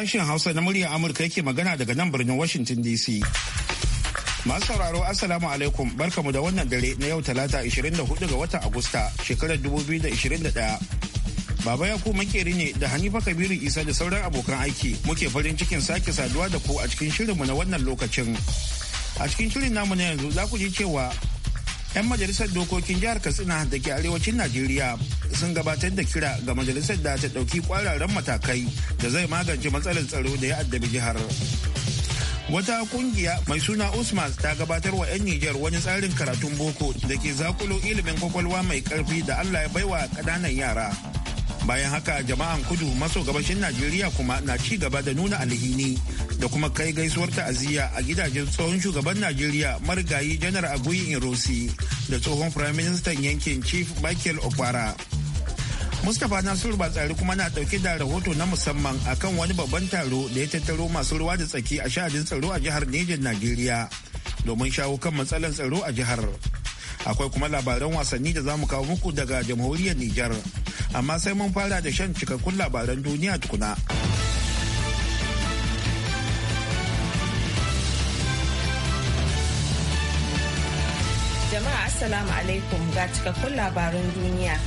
sashen Hausa na muryar Amurka yake magana daga nan birnin Washington DC. Masu sauraro Assalamu alaikum barkamu da wannan dare na yau talata 24 ga watan Agusta shekarar 2021. Baba ya ku makeri ne da Hanifa Kabiru Isa da sauran abokan aiki muke farin cikin sake saduwa da ku a cikin shirinmu na wannan lokacin. A cikin shirin namu na yanzu za ku ji cewa 'Yan majalisar dokokin jihar Katsina da ke arewacin Najeriya sun gabatar da kira ga majalisar da ta dauki kwararren matakai da zai magance matsalar tsaro da ya addabi jihar. Wata kungiya mai suna Usman ta gabatar wa 'yan Nijar wani tsarin karatun boko da ke zakulo ilimin kwakwalwa mai karfi da Allah ya baiwa ƙananan yara. bayan haka jama'an kudu maso gabashin najeriya kuma na ci gaba da nuna alhini da kuma kai gaisuwar ta'aziyya a gidajen tsohon shugaban najeriya marigayi janar aguyi irosi da tsohon prime minister yankin chief michael okwara mustapha nasiru batsari kuma na dauke da rahoto na musamman akan wani babban taro da ya tattaro masu ruwa da tsaki a sha'adin tsaro a jihar Nijar najeriya domin shawo kan matsalar tsaro a jihar. akwai kuma labaran wasanni da za mu kawo muku daga jamhuriyar Nijar. Amma sai mun fara da shan cikakkun labaran duniya tukuna. Jama'a Assalamu alaikum ga cikakkun labaran duniya.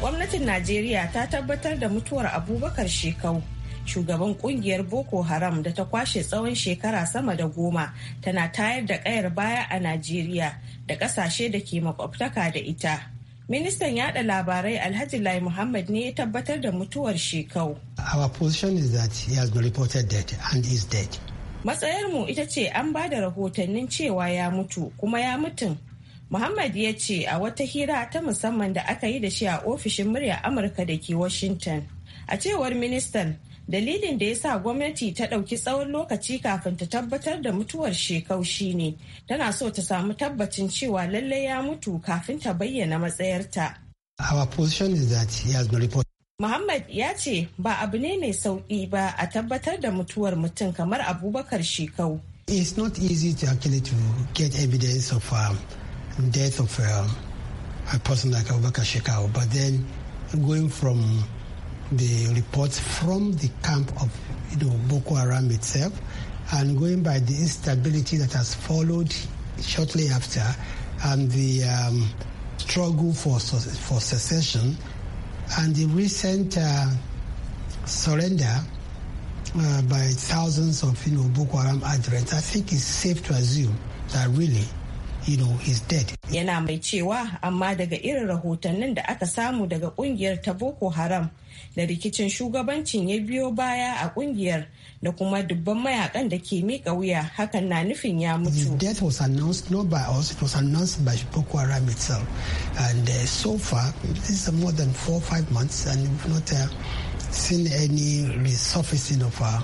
Gwamnatin Najeriya ta tabbatar da mutuwar Abubakar Shekau. shugaban kungiyar boko haram da ta kwashe tsawon shekara sama da goma tana tayar da kayar baya a najeriya da kasashe da ke makwabtaka da ita. Ministan yada labarai Alhaji Lai Muhammad ne ya tabbatar da mutuwar shekau. Our position is that he has been reported dead and is dead. Matsayarmu ita ce an ba da rahotannin cewa ya mutu kuma ya mutum. Muhammad ya ce a wata hira ta musamman da aka yi da shi a ofishin murya Amurka da ke Washington. A cewar ministan, dalilin da ya sa gwamnati ta ɗauki tsawon lokaci kafin ta tabbatar da mutuwar shekau shi ne tana so ta samu tabbacin cewa lallai ya mutu kafin ta bayyana matsayarta. Muhammad ya ce ba abu ne mai sauƙi ba a tabbatar da mutuwar mutum kamar abubakar shekau. It's not easy to actually to get evidence of um, death of um, a person like Abubakar Shekau, but then going from the reports from the camp of you know, Boko Haram itself. And going by the instability that has followed shortly after and the um, struggle for, for secession and the recent uh, surrender uh, by thousands of you know, Boko Haram adherents, I think it's safe to assume that really you know is dead yana mai cewa amma daga irin rahotannin da aka samu daga kungiyar ta boko haram da rikicin shugabancin ya biyo baya a kungiyar da kuma dubban mayakan da ke mika wuya hakan na nufin ya mutu. The death was announced not by us, it was announced by Boko Haram itself. And uh, so far, this is more than four or five months and we've not uh, seen any resurfacing of uh,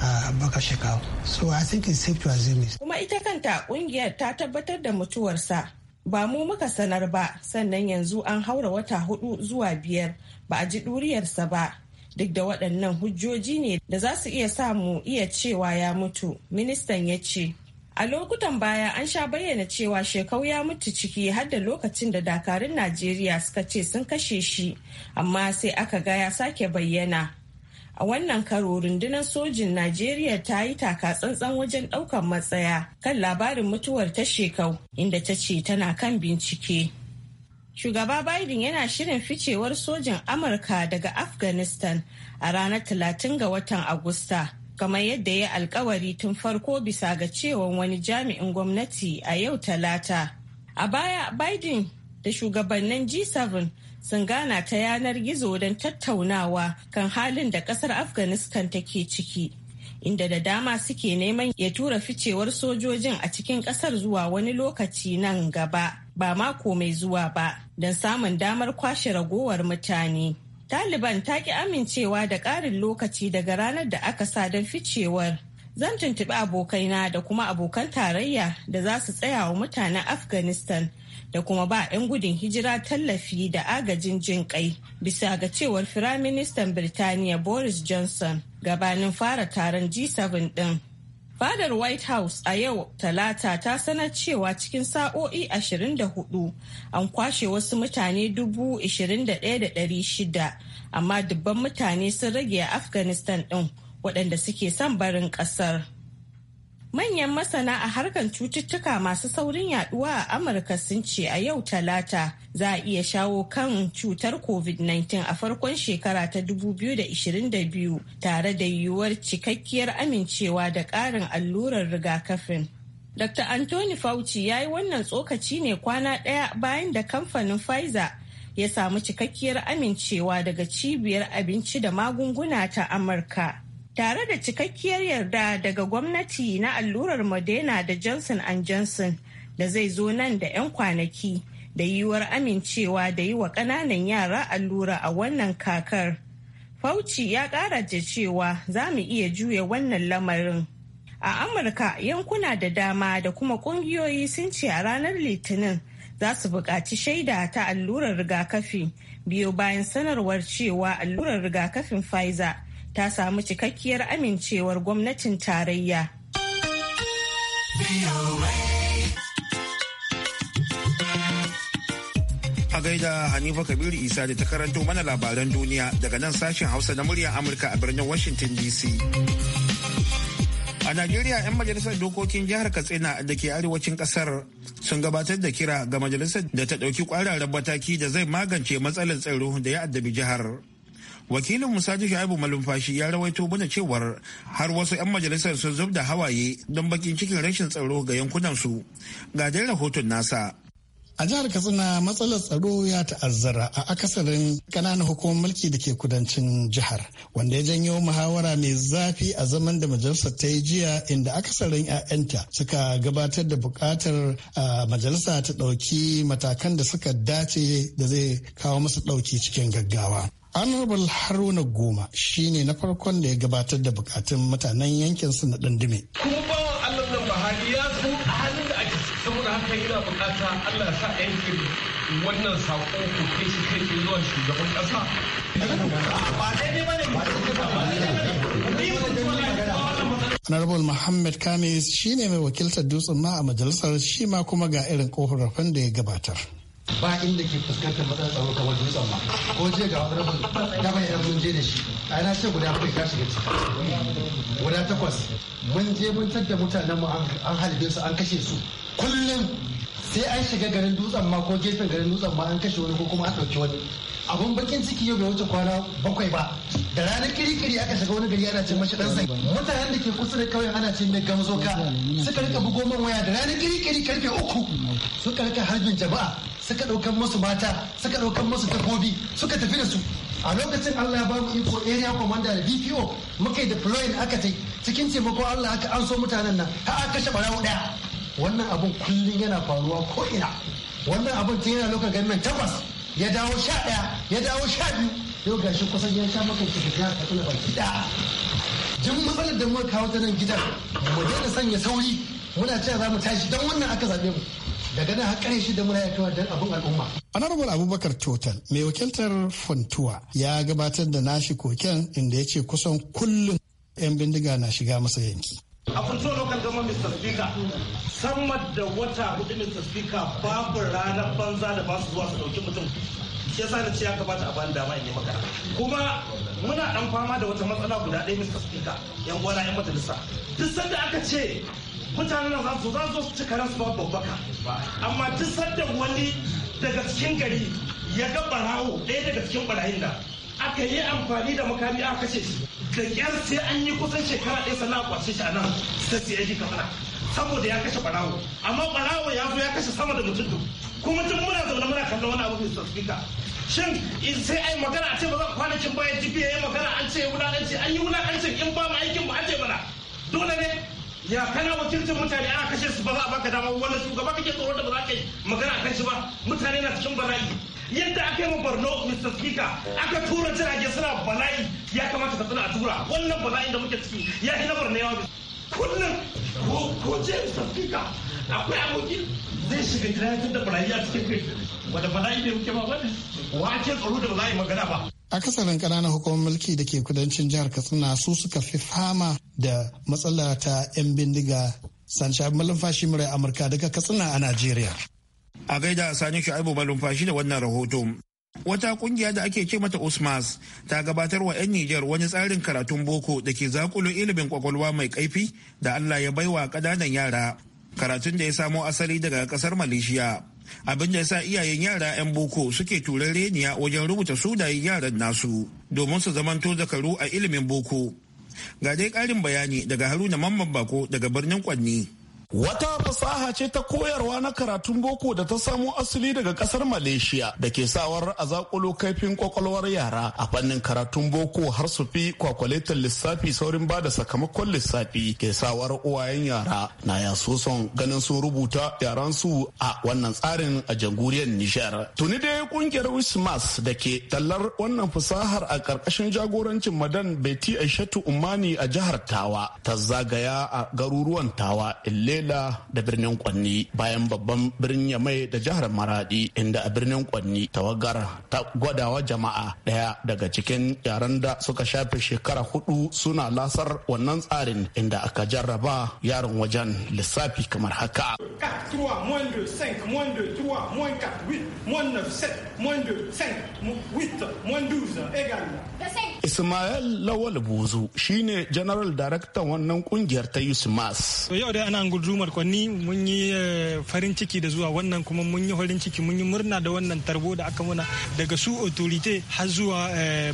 Abubakar Shekau. So I think it's safe to assume it. Kuma ita kanta kungiyar ta tabbatar da mutuwarsa. Ba mu muka sanar ba sannan yanzu an haura wata hudu zuwa biyar ba a ji ɗuriyarsa ba. Duk da waɗannan hujjoji ne da za su iya samu iya cewa ya mutu, ministan ya ce. A lokutan baya an sha bayyana cewa shekau ya mutu ciki har da lokacin da dakarun Najeriya suka ce sun kashe shi, amma sai aka ga ya sake bayyana. A wannan karo rundunar sojin Najeriya ta yi taka tsantsan wajen ɗaukan matsaya kan labarin mutuwar ta shekau inda ta ce tana kan bincike. Shugaba Biden yana shirin ficewar sojin Amurka daga Afghanistan a ranar 30 ga watan Agusta. kamar yadda ya alkawari tun farko bisa ga cewan wani jami'in gwamnati a yau talata. A baya Biden da shugabannin G7 sun gana ta yanar gizo don tattaunawa kan halin da kasar afghanistan take ciki inda da dama suke neman ya tura ficewar sojojin a cikin kasar zuwa wani lokaci nan gaba ba mako mai zuwa ba don samun damar kwashe ragowar mutane taliban ta ki amincewa da ƙarin lokaci daga ranar da aka sa don ficewar zan tuntuɓi abokaina da kuma abokan tarayya da za su tsaya wa mutanen afghanistan da kuma ba 'yan gudun hijira tallafi da agajin jin kai bisa ga cewar Firaministan Birtaniya Boris Johnson gabanin fara taron G7 din. Fadar White House a yau talata ta sanar cewa cikin sa'o'i 24 an kwashe wasu mutane 21,600 amma dubban mutane sun rage a Afghanistan ɗin waɗanda suke son barin ƙasar. Manyan masana a harkar cututtuka masu saurin yaduwa a Amurka sun ce a yau talata za a iya shawo kan cutar COVID-19 a farkon shekara ta 2022 tare da yiwuwar cikakkiyar amincewa da ƙarin allurar rigakafin. Dr. Anthony Fauci ya yi wannan tsokaci ne kwana ɗaya bayan da kamfanin Pfizer ya samu cikakkiyar amincewa daga cibiyar abinci da magunguna ta Amurka. tare da cikakkiyar yarda daga gwamnati na allurar Moderna da Johnson Johnson da zai zo nan da 'yan kwanaki da yiwuwar amincewa da yi wa ƙananan yara allura a wannan kakar. Fauci ya ƙara da cewa za mu iya juya wannan lamarin. A Amurka yankuna da dama da kuma ƙungiyoyi sun ce a ranar Litinin za su buƙaci shaida ta allurar rigakafi biyo bayan sanarwar cewa allurar rigakafin Pfizer ta samu cikakkiyar amincewar gwamnatin tarayya. A gaida Hanifa Kabiru Isa da ta karanto mana labaran duniya daga nan sashen Hausa na muryar Amurka a birnin Washington DC. A Najeriya 'yan majalisar dokokin jihar Katsina da ke arewacin kasar sun gabatar da kira ga majalisar da ta ɗauki kwararren mataki da zai magance matsalar tsaro da ya addabi jihar. wakilin musaji shaibu malumfashi ya rawaito mana cewar har wasu 'yan majalisar sun zub da hawaye don bakin cikin rashin tsaro ga yankunansu ga dai rahoton nasa a jihar katsina matsalar tsaro ya ta'azzara a akasarin kananan hukumar mulki da ke kudancin jihar wanda ya janyo muhawara mai zafi a zaman da majalisar ta yi jiya inda akasarin 'ya'yanta suka gabatar da bukatar majalisa ta ɗauki matakan da suka dace da zai kawo masu ɗauki cikin gaggawa honorable haruna goma shine na farkon da ya gabatar da bukatun mutanen yankin su na dandume kuma allah nan bahari ya su a halin da ake da haka yana bukata allah sa yankin wannan sako ku kai shi kai zuwa shugaban da kuma ƙasa. bane honorable muhammad kamis shine mai wakiltar dutsen ma a majalisar shi ma kuma ga irin korafin da ya gabatar ba inda ke fuskantar matsalar tsaro kamar dutsen ba ko je ga wani rabin ta bayyana mun je da shi a yana ce guda bakwai ka shiga ciki guda takwas mun je mun tadda mutanen mu an halibe su an kashe su kullum sai an shiga garin dutsen ma ko gefen garin dutsen ma an kashe wani ko kuma an ɗauki wani abun bakin ciki yau bai wuce kwana bakwai ba da ranar kirikiri aka shiga wani gari ana ce mashi dan sai mutanen da ke kusa da kauyen ana ce mai gamzo ka suka rika bugo man waya da ranar kirikiri karfe uku suka rika harbin jama'a suka ɗaukan musu mata suka ɗaukan musu takobi suka tafi da su a lokacin Allah ya ba mu iko area commander da BPO muka yi deploying aka tai cikin taimakon Allah aka an so mutanen nan har aka kashe barawo ɗaya. wannan abun kullum yana faruwa ko ina wannan abun tun yana lokacin ganin takwas ya dawo sha ɗaya ya dawo sha biyu yau shi kusan ya sha maka kika ka tuna baki daya Jin matsalar da muka kawo ta nan gidan mu daina sanya sauri muna cewa za mu tashi don wannan aka zaɓe mu daga nan har shi da muna yakewa don abin al'umma. Honorable Abubakar Total mai wakiltar Fontuwa ya gabatar da nashi koken inda ya ce kusan kullum 'yan bindiga na shiga masa yanki. a Fontuwa lokal gama mr speaker sama da wata hudu mr speaker babu ranar banza da ba su zuwa su dauki mutum shi yasa na ce ya kamata a bani dama in yi magana kuma muna dan fama da wata matsala guda ɗaya mr speaker yan gwana yan majalisa duk sanda aka ce mutanen za su za su ci karansu ba babbaka amma duk sadda wani daga cikin gari ya ga barawo ɗaya daga cikin barayin da aka yi amfani da makami a kashe shi da kyar sai an yi kusan shekara ɗaya sana a kwashe shi a nan sai su yaji kamar saboda ya kashe barawo amma barawo ya zo ya kashe sama da mutum kuma tun muna zaune muna kalla wani abu mai ka. shin sai ai magana a ce ba za ku kwanakin bayan jibi ya yi magana an ce wulaƙanci an yi wulaƙanci kana wakilcin mutane ana kashe su ba za a baka dama wanda gaba kake tsoron da ba za ka yi magana kan shi ba mutane na cikin bala'i yadda aka yi ma Borno Mr. Speaker aka tura jirage suna bala'i ya kamata ka tsina a tura wannan bala'i da muke ciki ya fi na Borno yawa kullum ko ko je Mr. Speaker akwai aboki zai shiga gida ya da bala'i a cikin kai wanda bala'i ne muke ma ba wa ake tsaro da bala'i magana ba akasarin ƙananan hukumar mulki da ke kudancin jihar katsina su suka fi fama da matsala ta 'yan bindiga sansha malumfashi murai amurka daga katsina a najeriya a gaida sani shu'aibu malumfashi da wannan rahoto wata kungiya da ake ce mata usmas ta gabatar wa 'yan nijar wani tsarin karatun boko da ke zakulo ilimin kwakwalwa mai kaifi da allah ya baiwa ƙananan yara karatun da ya samo asali daga ƙasar malaysia abin da sa iyayen yara 'yan boko suke turar reniya wajen rubuta sunayen yaran nasu domin su zamanto zakaru a ilimin boko ga dai ƙarin bayani daga haruna mamman bako daga birnin kwanni Wata fasaha ce ta koyarwa na karatun boko da ta samo asali daga kasar Malaysia da ke sawar a zakulo kaifin kwakwalwar yara a fannin karatun boko har su fi kwakwaletar lissafi saurin ba da sakamakon lissafi ke sawar uwayen yara na ya so ganin sun rubuta yaran su a wannan tsarin a jamhuriyar Nijar. Tuni dai kungiyar Wismas da ke tallar wannan fasahar a karkashin jagorancin Madan Beti Aishatu Umani a jihar Tawa ta zagaya a garuruwan Tawa Ille Bela da birnin kwanni bayan babban birnin yamai da jihar maradi inda a birnin kwanni tawagar ta gwadawa jama'a daya daga cikin yaran da suka shafe shekara hudu suna lasar wannan tsarin inda aka jarraba yaron wajen lissafi kamar haka Da 5, Ismail Lawal Buzu shine General Director wannan kungiyar ta Yusmas. To yau dai ana gudumar kwanni mun yi eh, farin ciki da zuwa wannan kuma mun yi farin ciki mun yi murna da wannan tarbo da aka muna daga su otorite har zuwa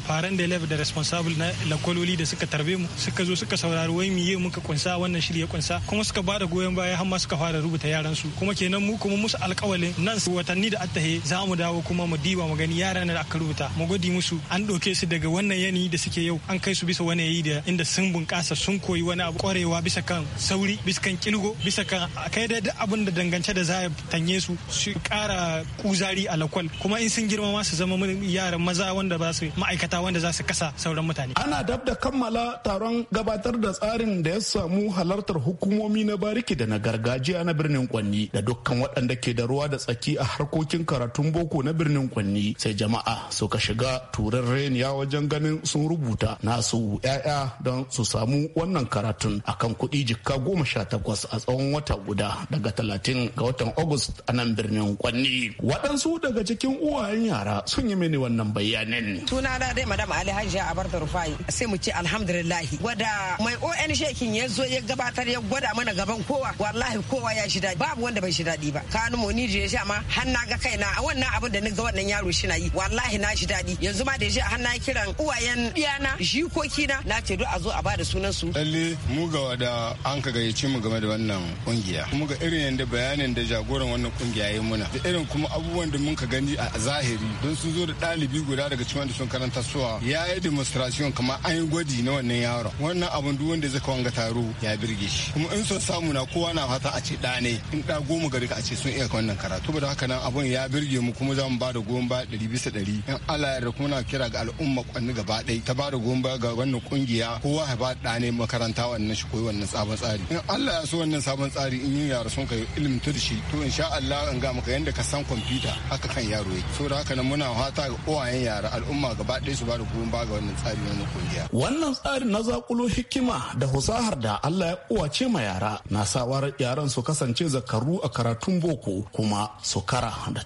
faran eh, da level da responsible na lakwaloli da suka tarbe mu suka zo suka saurari wai miye muka kunsa wannan shirye kunsa kuma suka ba da goyon baya har ma suka fara rubuta yaran su kuma kenan mu kuma musu alƙawalin nan watanni da attahe za mu dawo kuma mu diba mu gani yaran da aka rubuta mu gode musu an doke su daga wannan zamani da suke yau an kai su bisa wani yayi da inda sun bunƙasa sun koyi wani abu ƙwarewa bisa kan sauri bisa kan kilgo bisa kan kai da abin da dangance da za a tanye su su ƙara kuzari a lakwal kuma in sun girma ma su zama yaran maza wanda ba su ma'aikata wanda za su kasa sauran mutane. Ana dab da kammala taron gabatar da tsarin da ya samu halartar hukumomi na bariki da na gargajiya na birnin Kwanni da dukkan waɗanda ke da ruwa da tsaki a harkokin karatun boko na birnin Kwanni sai jama'a suka shiga turar reniya wajen ganin sun rubuta nasu 'ya'ya don su samu wannan karatun a kan kuɗi jikka goma sha takwas a tsawon wata guda daga talatin ga watan August a nan birnin Kwanni. Waɗansu daga cikin uwayen yara sun yi mini wannan bayanin. Suna na dai madama Ali Hajiya a da Rufai sai mu ce alhamdulillahi wada mai ON shekin ya zo ya gabatar ya gwada mana gaban kowa wallahi kowa ya shi daɗi babu wanda bai shi daɗi ba. Kanu mu ni da ya sha ma hanna na ga kaina a wannan abin da ni ga wannan yaro shi na yi wallahi na shi daɗi yanzu ma da ya sha hanna na kiran uwayen sunan iyana jikokina na ce duk a zo a bada sunan su lalle mu ga wada an ka gayyace mu game da wannan kungiya mu ga irin yanda bayanin da jagoran wannan kungiya yayi muna da irin kuma abubuwan da mun ka gani a zahiri don su zo da ɗalibi guda daga cikin wanda sun karanta suwa ya yi demonstration kamar an yi gwaji na wannan yaron wannan abun duk wanda zai kawo ga taro ya birge shi kuma in son samu na kowa na fata a ce da ne in da goma gari a ce sun iya wannan karatu ba da haka nan abun ya birge mu kuma za mu ba da goma ba ɗari bisa ɗari in Allah ya kuma na kira ga al'umma kwanni gaba kadai ta bada goyon ga wannan kungiya kowa ya ba da ne makaranta wannan shi koyi wannan sabon tsari in Allah ya so wannan sabon tsari in yin yara sun kai ilimin da shi to insha Allah an ga maka yanda ka san kwamfuta haka kan yaro yake so da haka nan muna fata ga uwayen yara al'umma gaba ɗaya su ba da goyon ga wannan tsari wannan kungiya wannan tsarin na zakulo hikima da husahar da Allah ya uwace ma yara na sawar yaran su kasance zakaru a karatun boko kuma su kara da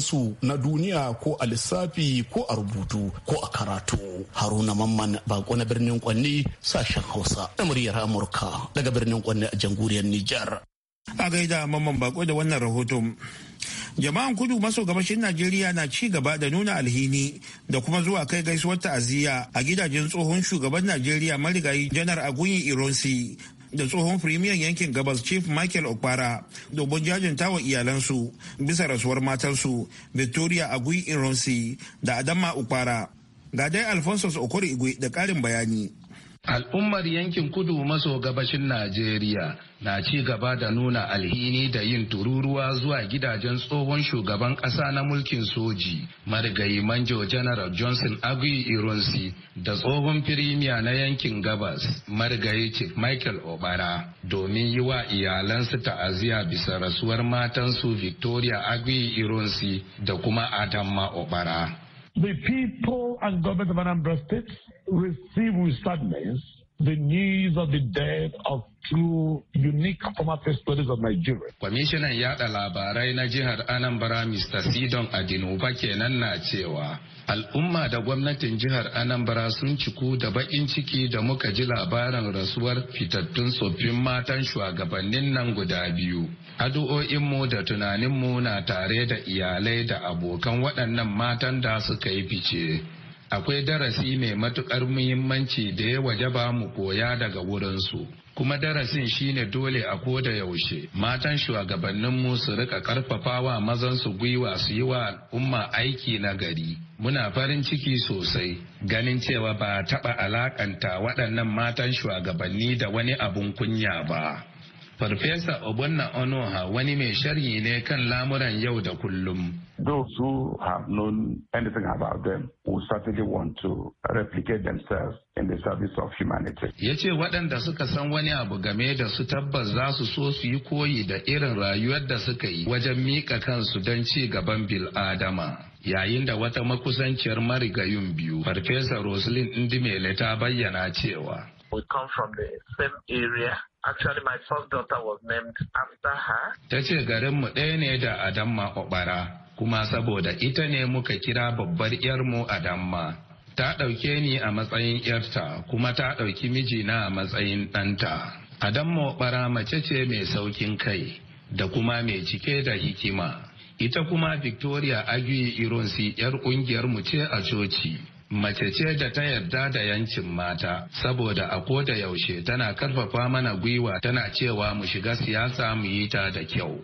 su na duniya ko a lissafi ko a rubutu ko a karatu haruna mamman bako na birnin kwanni sashen hausa na muryar amurka daga birnin kwanni a jamhuriyar nijar a gaida mamman bako da wannan rahoton jama'an kudu maso gabashin najeriya na ci gaba da nuna alhini da kuma zuwa kai gaisuwar ta'aziyya a gidajen tsohon shugaban najeriya marigayi janar agunyi ironsi da tsohon firimiyan yankin gabas chief michael okpara domin jajinta wa iyalansu bisa rasuwar matansu victoria agui ironsi da adama okpara Ga dai Alfonso Okoro Igwe da ƙarin bayani. Al'ummar yankin kudu maso gabashin Najeriya na ci gaba da nuna alhini da yin tururuwa zuwa gidajen tsohon shugaban ƙasa na mulkin soji, marigayi manjo General Johnson Agui Ironsi da tsohon firimiya na yankin gabas, marigayi Chief Michael Obara, domin yi wa iyalansu ta'aziya bisa rasuwar matansu Victoria Agui Ironsi da kuma Adamma Obara. the people and government of Anambra State receive with sadness the news of the death of two unique former ladies of Nigeria. Kwamishinan yada labarai na jihar Anambra Mr. Sidon Adinuba kenan na cewa al'umma da gwamnatin jihar Anambra sun ciku da bakin ciki da muka ji labarin rasuwar fitattun tsoffin matan shugabannin nan guda biyu. Addu'o'inmu da tunaninmu na tare da iyalai da abokan waɗannan matan da suka yi fice. akwai darasi mai matuƙar muhimmanci da ya wajaba mu koya daga wurinsu. Kuma darasin shine dole a ko da yaushe matan shugabannin mu su rika karfafawa su gwiwa su yi wa umma aiki na gari. Muna farin ciki sosai ganin cewa ba taɓa alakanta waɗannan matan shugabanni da wani abun kunya ba. Farfesa Obonna Onoha wani mai sharhi ne kan lamuran yau da kullum. those who have known anything about them will certainly want to replicate themselves in the service of humanity. Ya ce waɗanda suka san wani abu game da su tabbas za su so su yi koyi da irin rayuwar da suka yi wajen miƙa kansu don ci gaban bil'adama. yayin da wata makusanciyar marigayun biyu farfesa roslyn Ndimele ta bayyana cewa We come from the same area. Actually, my first daughter was named after her. Ta ce garinmu ɗaya ne da Adamma Obara. kuma saboda ita ne muka kira babbar yarmu a damma. Ta ɗauke ni a matsayin ‘yarta kuma ta ɗauki mijina a matsayin ɗanta. Adammo ɓara mace ce mai saukin kai da kuma mai cike da hikima. Ita kuma Victoria Agui Ironsi ‘yar ƙungiyar mu ce a coci. Mace ce da ta yarda da yancin mata, saboda a ko da yaushe tana karfafa mana gwiwa tana cewa mu shiga siyasa mu yi ta da kyau.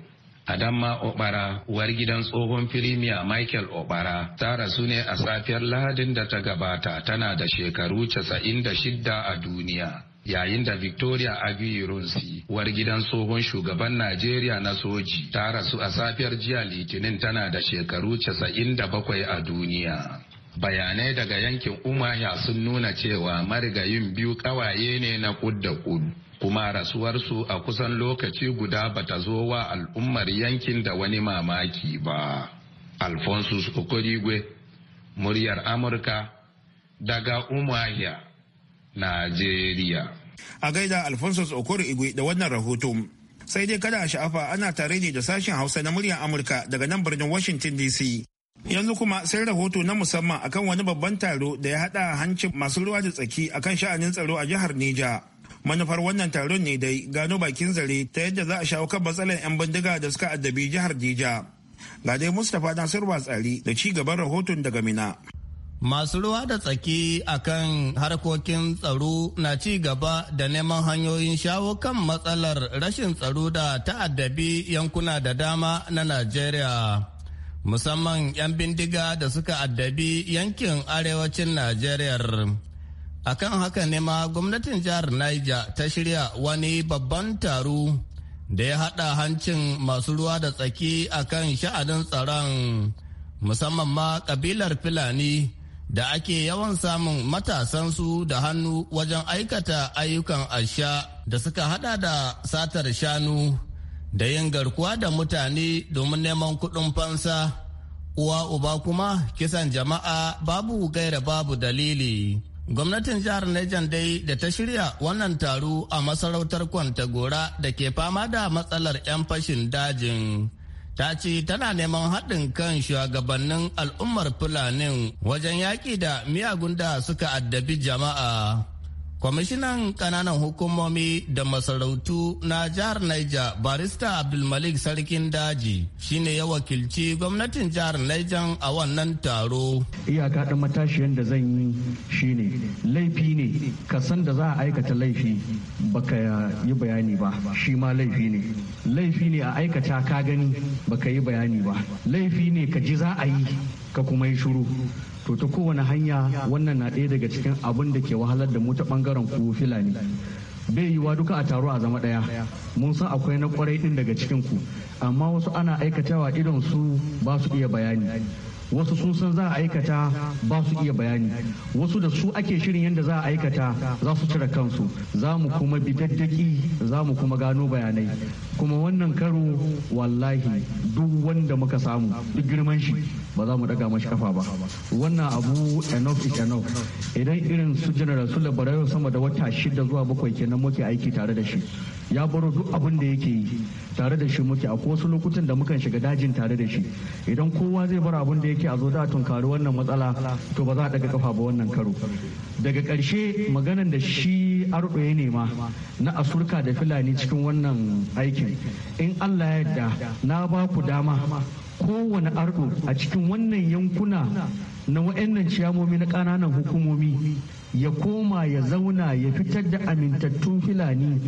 Adamma Obara, uwar gidan tsohon firimiya Michael Obara, ta rasu ne a safiyar Lahadin da ta gabata tana da shekaru 96 a duniya. Yayin da Victoria Abiyirunsi, uwar gidan tsohon shugaban Najeriya na soji, ta rasu a safiyar jiya Litinin tana da shekaru 97 a duniya. bayanai daga yankin umaya sun nuna cewa marigayin biyu kawaye ne na kud da kuma rasuwarsu a kusan lokaci guda bata zo wa al'ummar yankin da wani mamaki ba. Alphonsus Okorigwe, muryar Amurka, daga Umahia, Najeriya. A gaida Alphonsus Okorigwe da wannan rahoto. Sai dai kada a sha'afa ana tare ne da sashen Hausa na muryar Amurka daga nan birnin Washington DC. Yanzu kuma sai rahoto na musamman akan wani babban taro da ya haɗa hancin masu ruwa da tsaki akan sha'anin tsaro a jihar Niger. manufar wannan taron ne dai gano bakin zare ta yadda za a shawo kan matsalar 'yan bindiga da suka addabi jihar dija ga dai mustapha nasir tsari da ci gaban rahoton daga mina masu ruwa da tsaki akan harkokin tsaro na ci gaba da neman hanyoyin shawo kan matsalar rashin tsaro da ta'addabi yankuna da dama na najeriya musamman 'yan bindiga da suka addabi yankin arewacin najeriya a kan haka ne ma gwamnatin jihar niger ta shirya wani babban taro da ya haɗa hancin masu ruwa da tsaki a kan sha'anin tsaron musamman ma kabilar fulani da ake yawan samun matasansu da hannu wajen aikata ayyukan asha da suka hada da satar shanu da yin garkuwa da mutane domin neman kuɗin fansa uwa uba kuma kisan jama'a babu gaira babu dalili Gwamnatin jihar Niger dai da ta shirya wannan taro a masarautar Kwantagora da ke fama da matsalar 'yan fashin dajin. Ta ce tana neman haɗin kan shugabannin al'ummar Fulanin wajen yaƙi da miyagun da suka addabi jama'a. Kwamishinan kananan hukumomi da masarautu na jihar Niger barista Abdulmalik Sarkin Daji shine ya wakilci gwamnatin jihar Niger a wannan taro. Iyaka da matashiyan da zan yi shine laifi ne ka san da za a aikata laifi baka yi bayani ba shi ma laifi ne. Laifi ne a aikata ka gani baka yi bayani ba. Laifi ne ka ji za a yi ka kuma yi shuru. to ta kowane hanya wannan na ɗaya daga cikin abin da ke wahalar da mu ta bangaren ku filani bai yiwa duka a taro a zama ɗaya mun san akwai na kwarai ɗin daga cikin ku amma wasu ana aikatawa idon su ba su iya bayani wasu sun san za a aikata ba su iya bayani wasu da su ake shirin yadda za a aikata za su cire kansu za mu kuma bi daddaki za mu kuma gano bayanai kuma wannan karo wallahi duk wanda muka samu duk girman shi ba za mu daga mashi kafa ba wannan abu enough is enough idan irin su general su labarayo sama da wata shida zuwa bakwai kenan muke aiki tare da shi ya baro duk abin da yake yi tare da shi muke a wasu lokutan da mukan shiga dajin tare da shi idan kowa zai bar abin da yake a zo da tunkari wannan matsala to ba za a daga kafa ba wannan karo daga karshe maganan da shi arɗo ne ma na asurka da filani cikin wannan aikin in allah ya na ba ku dama kowane ardo a cikin wannan yankuna na wa'annan ciyamomi na ƙananan hukumomi ya koma ya zauna ya fitar da amintattun filani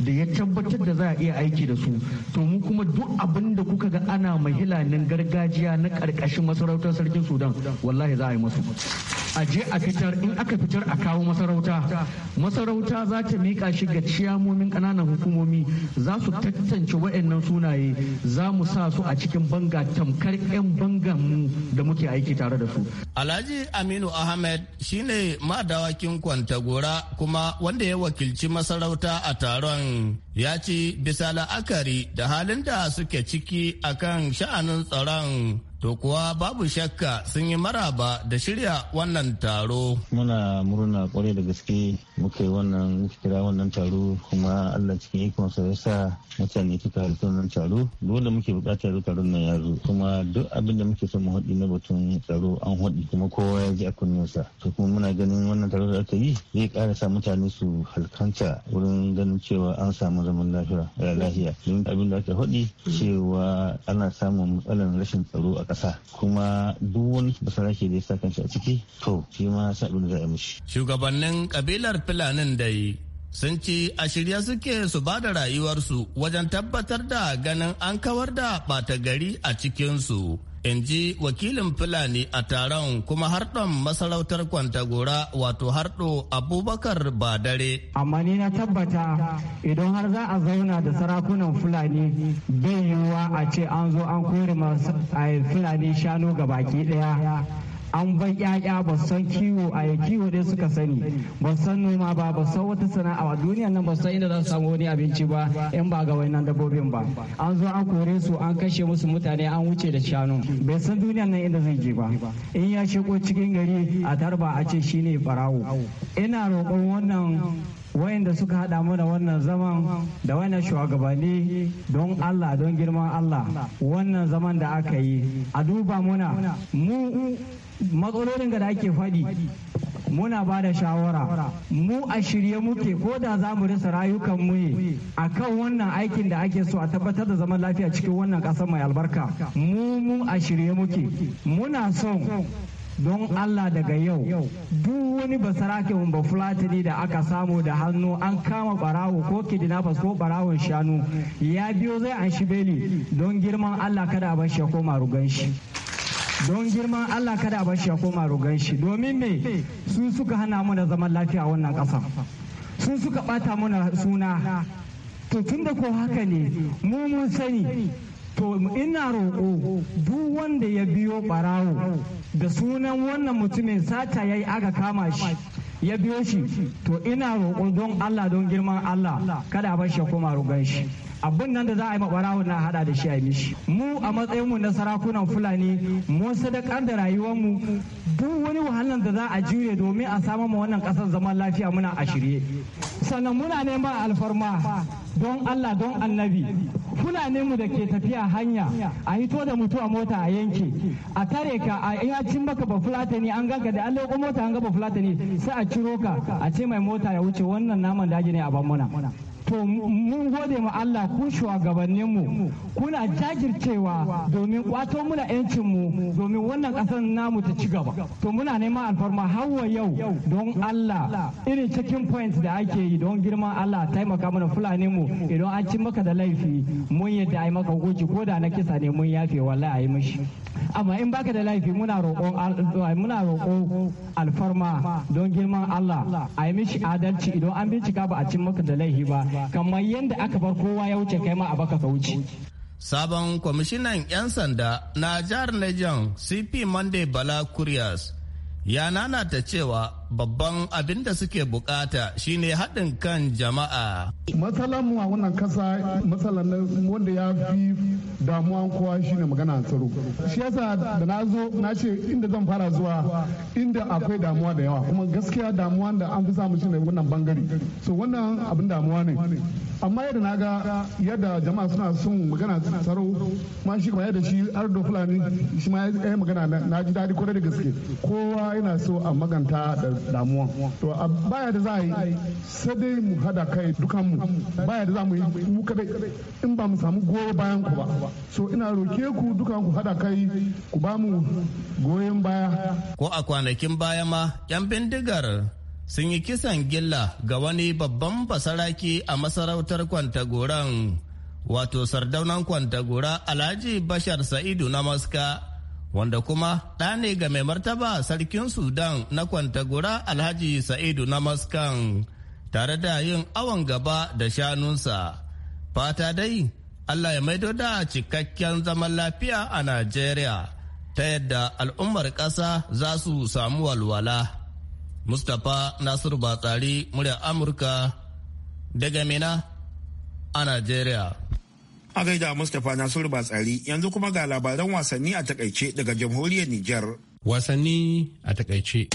da ya tabbatar da za a iya aiki da su to mu kuma duk abin da kuka ga ana filanin gargajiya na karkashin masarautar sarkin sudan wallahi za a yi masu a je a fitar in aka fitar a kawo masarauta masarauta za ta mika shi ga ciyamomin ƙananan hukumomi za su tantance waɗannan sunaye za mu sa su a cikin banga tamkar 'yan bangan mu da muke aiki tare da su alhaji aminu ahmed shine madawa sarkin kwantagora kuma wanda ya wakilci masarauta a taron ya ci bisa la'akari da halin da suke ciki akan sha'anin tsaron to kuwa babu shakka sun yi maraba da shirya wannan taro. Muna murna kwarai da gaske muka wannan kira wannan taro kuma Allah cikin ikon ya sa mutane suka halarci wannan taro. Dole muke bukatar taron nan ya zo kuma duk abin da muke son mu haɗi na batun tsaro an haɗi kuma kowa ya ji a kunninsa. To kuma muna ganin wannan taro da aka yi zai ƙara sa mutane su halkanta wurin ganin cewa an samu zaman lafiya. Eh, Don abin da aka haɗi cewa ana samun matsalar rashin tsaro a ƙasa kuma duk wani basarake da ya sa kanci a ciki to shi ma sa da za a mishi. Shugabannin kabilar Filanin yi sun ci a shirya suke su ba da rayuwarsu wajen tabbatar da ganin an kawar da ɓata gari a cikinsu. in ji wakilin fulani a taron kuma harɗon masarautar kwantagora wato harɗo abubakar ba dare. amma ni na tabbata idan har za a zauna da sarakunan fulani bai yiwuwa a ce an zo an kore masu fulani shanu ga baki ɗaya an ban yaya ba san kiwo a ya kiwo dai suka sani ba san noma ba ba san wata sana'a a duniya nan ba san inda za su samu wani abinci ba in ba ga wannan dabbobin ba an zo an kore su an kashe musu mutane an wuce da shanu bai san duniya nan inda zai je ba in ya shigo cikin gari a tarba a ce shine barawo ina roƙon wannan wayanda suka hada mana wannan zaman da wannan shugabanni don Allah don girman Allah wannan zaman da aka yi a duba muna mu matsalolin da ake faɗi muna ba da shawara mu a shirye muke ko da za mu rasa rayukan mu ne a kan wannan aikin da ake so a tabbatar da zaman lafiya cikin wannan ƙasar mai albarka mu mu a shirye muke muna son don Allah daga yau duk wani basarake ba fulatani da aka samu da hannu an kama barawo ko kidnappers ko barawon shanu ya biyo zai an shi beli don girman Allah kada a bashi ya koma rugan shi don girman Allah kada a bashi ya koma rugan shi domin me su suka hana mu da zaman lafiya wannan ƙasa sun suka bata mana suna to tun da ko haka ne mu mun sani to ina roƙo duk wanda ya biyo ɓarawo da sunan wannan mutumin sata ya yi aka kama shi ya biyo shi to ina roƙo don allah don girman allah kada a bashi ya koma rugan shi abin nan da za a yi maɓarawo na hada da shi a mishi mu a matsayin mu na sarakunan fulani mu sadakar da rayuwarmu duk wani wahalar da za a jure domin a samar ma wannan ƙasar zaman lafiya muna a shirye sannan muna neman alfarma don allah don annabi fulaninmu da ke tafiya hanya a hito da mutuwa mota a yanki a tare ka a cin baka ba fulatani an ganka da an leko mota an ga ba fulatani sai a ciro ka a ce mai mota ya wuce wannan naman daji ne a ban mana to mun gode mu Allah ku shugabannin mu kuna jajircewa domin kwato muna yancin mu domin wannan kasar namu ta ci gaba to muna neman alfarma hawa yau don Allah irin checking point da ake yi don girman Allah taimaka mana fulani mu idan an ci maka da laifi mun yadda ai maka goji ko da na kisa ne mun yafe wallahi ai mishi amma in baka da laifi muna roƙo muna roƙo alfarma don girman Allah a yi mishi adalci idan an bincika ba a cin maka da laifi ba kamar yadda aka bar kowa ya wuce kai ma a baka ka wuce sabon kwamishinan 'yan sanda na jihar Niger cp monday bala kurias ya ta cewa babban abin da suke bukata shine haɗin kan jama'a. Matsalan mu a wannan kasa matsalar wanda ya fi damuwa kowa shine magana tsaro. Shi yasa da na zo na ce inda zan fara zuwa inda akwai damuwa da yawa kuma gaskiya damuwa da an fi samu shine wannan bangare. So wannan abin damuwa ne. Amma yadda na ga yadda jama'a suna son magana tsaro ma shi kuma yadda shi Ardo Fulani shi ma ya magana na ji daɗi kwarai da gaske. Kowa yana so a maganta da damuwa to baya da za a yi sai dai mu hada kai dukan mu baya da za mu yi mu kadai in ba mu samu goyo bayan ku ba so ina roke ku dukan ku hada kai ku ba mu goyon baya ko a kwanakin baya ma yan bindigar sun yi kisan gilla ga wani babban basaraki a masarautar kwantagoran wato sardaunan kwantagora alhaji bashar sa'idu na maska wanda kuma ɗa ne ga mai martaba sarkin Sudan na kwantagura Alhaji Sa'idu na Maskan tare da yin awon gaba da shanunsa. Fata dai, Allah ya maido da cikakken zaman lafiya a Najeriya ta yadda al'ummar ƙasa za su samu walwala. Mustapha Nasiru Batsari, murya Amurka, daga Mina a Najeriya. A gaida Mustapha Nasiru Batsari yanzu kuma ga labaran wasanni a takaice daga jamhuriyar Nijar. Wasanni a takaice.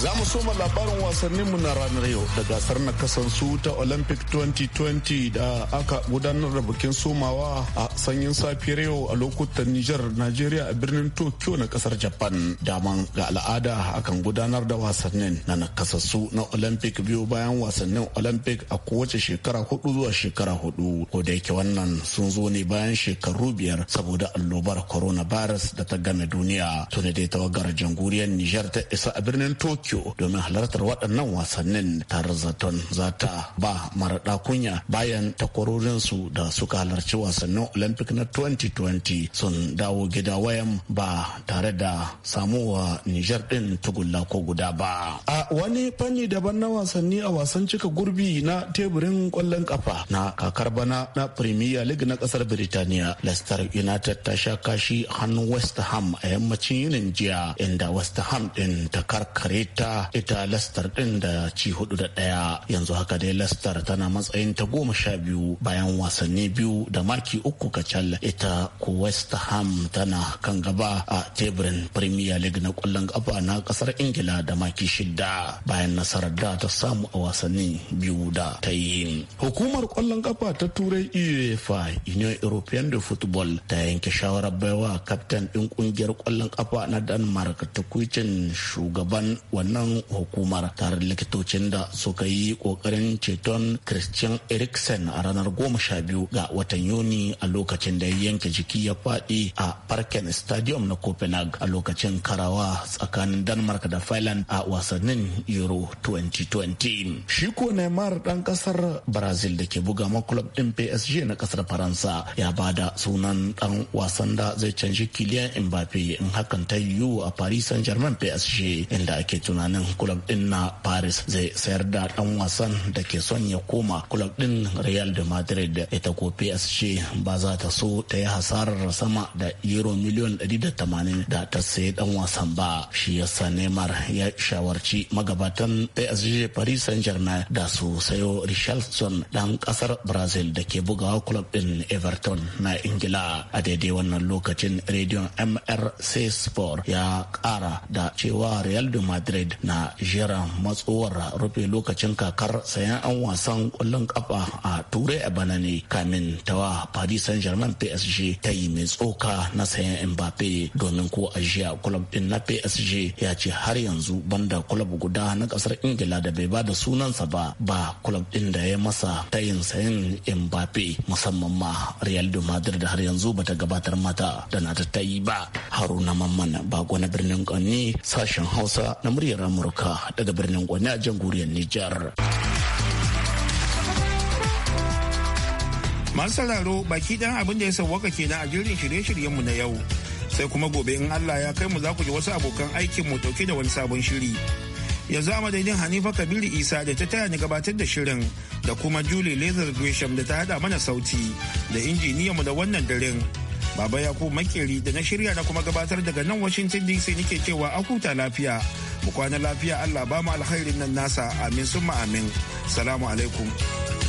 Za mu soma labarin wasannin mu na ranar yau da gasar na kasansu ta Olympic 2020 da aka gudanar da bikin somawa a sanyin safiyar yau a lokutan Nijar, Najeriya a birnin Tokyo na kasar Japan. Daman ga al'ada akan gudanar da wasannin na nakasassu na Olympic biyu bayan wasannin Olympic a kowace shekara hudu zuwa shekara hudu. Ko da yake wannan sun zo ne bayan shekaru biyar saboda allobar coronavirus da ta game duniya. Tuni dai tawagar jamhuriyar Nijar ta isa a birnin Tokyo tokyo domin halartar waɗannan wasannin tare zaton za ta ba maraɗa kunya bayan takwarorinsu da suka halarci wasannin olympic na 2020 sun dawo gida wayan ba tare da samuwa nijar ɗin tugulla ko guda ba a wani fanni daban na wasanni a wasan cika gurbi na teburin kwallon kafa na kakar bana na premier league na kasar birtaniya leicester united ta sha kashi hannun west ham a yammacin yinin jiya inda west ham ɗin ta karkare ta ita Leicester din da ci hudu da ɗaya yanzu haka dai Leicester tana matsayin ta goma sha biyu bayan wasanni biyu da maki uku kacal ita ko West Ham tana kan gaba a teburin Premier League na kwallon kafa na kasar Ingila da maki shida bayan nasarar da ta samu a wasanni biyu da ta yi. Hukumar kwallon kafa ta Turai UEFA Union European de Football ta yanke shawarar baiwa kaftan ɗin ƙungiyar kwallon kafa na Denmark ta kucin shugaban wani wannan hukumar tare likitocin da suka yi kokarin ceton christian eriksen a ranar goma sha biyu ga watan yuni a lokacin da ya yanke jiki ya faɗi a parken stadium na copenhagen a lokacin karawa tsakanin denmark da finland a wasannin euro 2020 shi ko neymar dan kasar brazil da ke buga club din psg na kasar faransa ya bada sunan dan wasan da zai canji kiliyan mbappe in hakan ta yiwu a paris saint germain psg inda ake tuna tunanin club din na paris zai sayar da dan wasan da ke son ya koma club din real de madrid ita ko psg ba za ta so ta yi hasarar sama da euro miliyon 180 da ta sayi dan wasan ba shi yasa neymar ya shawarci magabatan psg paris saint germain da su sayo richardson dan kasar brazil da ke bugawa club din everton na ingila a daidai wannan lokacin rediyon mrc sport ya kara da cewa real de madrid madrid na jiran matsowar rufe lokacin kakar sayan an wasan kwallon kafa a turai a bana ne kamin tawa paris saint germain psg ta yi mai tsoka na sayan mbappe domin ko ajiya jiya club din na psg ya ce har yanzu banda club guda na kasar ingila da bai ba da sunansa ba ba club din da ya masa tayin sayan mbappe musamman ma real de madrid da har yanzu bata gabatar mata da na ta yi ba haruna mamman bago na birnin kanni sashen hausa na murya muryar Amurka daga birnin Gwani a jamhuriyar Nijar. Masu sauraro baki dan abin da ya sauwaka kenan a jirin shirye-shiryenmu na yau. Sai kuma gobe in Allah ya kai mu za ku ji wasu abokan aikin mu dauke da wani sabon shiri. Yanzu a madadin Hanifa Kabiru Isa da ta taya ni gabatar da shirin da kuma Julie Lazar Gresham da ta hada mana sauti da injiniyanmu da wannan daren. Baba yakub Makeri da na shirya na kuma gabatar daga nan Washington DC nake cewa a huta lafiya. Mu kwana lafiya Allah ba mu alkhairin nan nasa amin summa amin. Salamu alaikum.